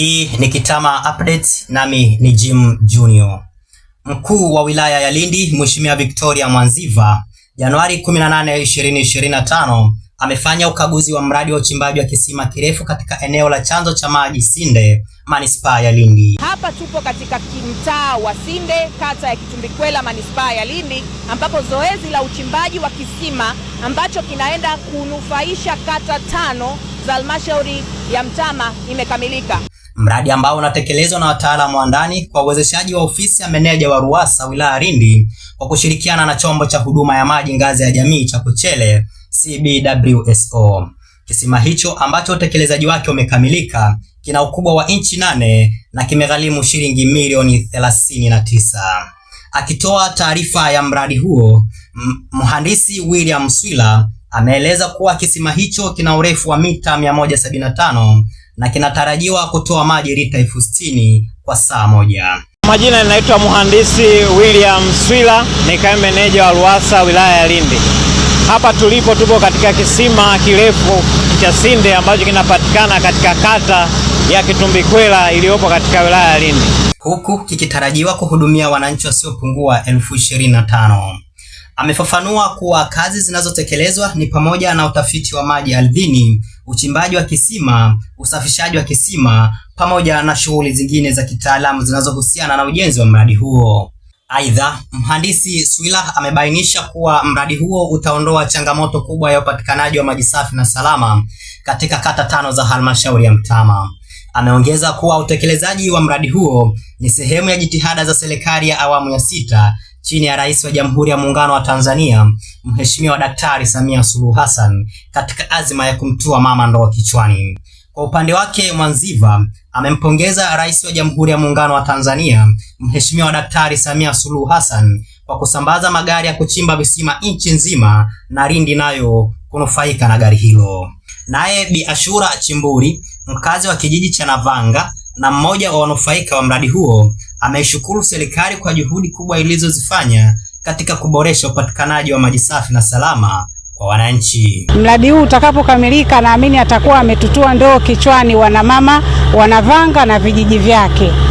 Hii ni Kitama Updates, nami ni Jim Junior. Mkuu wa wilaya ya Lindi Mheshimiwa Victoria Mwanziva Januari 18, 2025 amefanya ukaguzi wa mradi wa uchimbaji wa kisima kirefu katika eneo la chanzo cha maji Sinde, manispaa ya Lindi. Hapa tupo katika mtaa wa Sinde, kata ya Kitumbikwela, manispaa ya Lindi, ambapo zoezi la uchimbaji wa kisima ambacho kinaenda kunufaisha kata tano za halmashauri ya Mtama imekamilika mradi ambao unatekelezwa na wataalamu wa ndani kwa uwezeshaji wa ofisi ya meneja wa RUWASA wilaya Lindi kwa kushirikiana na chombo cha huduma ya maji ngazi ya jamii cha Kuchele CBWSO. Kisima hicho ambacho utekelezaji wake umekamilika kina ukubwa wa inchi nane na kimegharimu shilingi milioni 39. Akitoa taarifa ya mradi huo, mhandisi William Swila ameeleza kuwa kisima hicho kina urefu wa mita 175 na kinatarajiwa kutoa maji lita elfu sitini kwa saa moja. Majina inaitwa Mhandisi William Swila, ni kaimu meneja wa RUWASA wilaya ya Lindi. Hapa tulipo tupo katika kisima kirefu cha Sinde ambacho kinapatikana katika kata ya Kitumbikwela iliyopo katika wilaya ya Lindi, huku kikitarajiwa kuhudumia wananchi wasiopungua elfu ishirini na tano. Amefafanua kuwa kazi zinazotekelezwa ni pamoja na utafiti wa maji ardhini uchimbaji wa kisima, usafishaji wa kisima pamoja na shughuli zingine za kitaalamu zinazohusiana na ujenzi wa mradi huo. Aidha, mhandisi Swila amebainisha kuwa mradi huo utaondoa changamoto kubwa ya upatikanaji wa maji safi na salama katika kata tano za halmashauri ya Mtama. Ameongeza kuwa utekelezaji wa mradi huo ni sehemu ya jitihada za serikali ya awamu ya sita chini ya Rais wa Jamhuri ya Muungano wa Tanzania Mheshimiwa Daktari Samia Suluhu Hassan katika azma ya kumtua mama ndoo kichwani. Kwa upande wake, Mwanziva amempongeza Rais wa Jamhuri ya Muungano wa Tanzania Mheshimiwa Daktari Samia Suluhu Hassan kwa kusambaza magari ya kuchimba visima nchi nzima na Lindi nayo kunufaika na gari hilo. Naye Bi Ashura Chimburi mkazi wa kijiji cha Navanga na mmoja wa wanufaika wa mradi huo, ameishukuru serikali kwa juhudi kubwa ilizozifanya katika kuboresha upatikanaji wa maji safi na salama kwa wananchi. Mradi huu utakapokamilika, naamini atakuwa ametutua ndoo kichwani wanamama Wanavanga na vijiji vyake.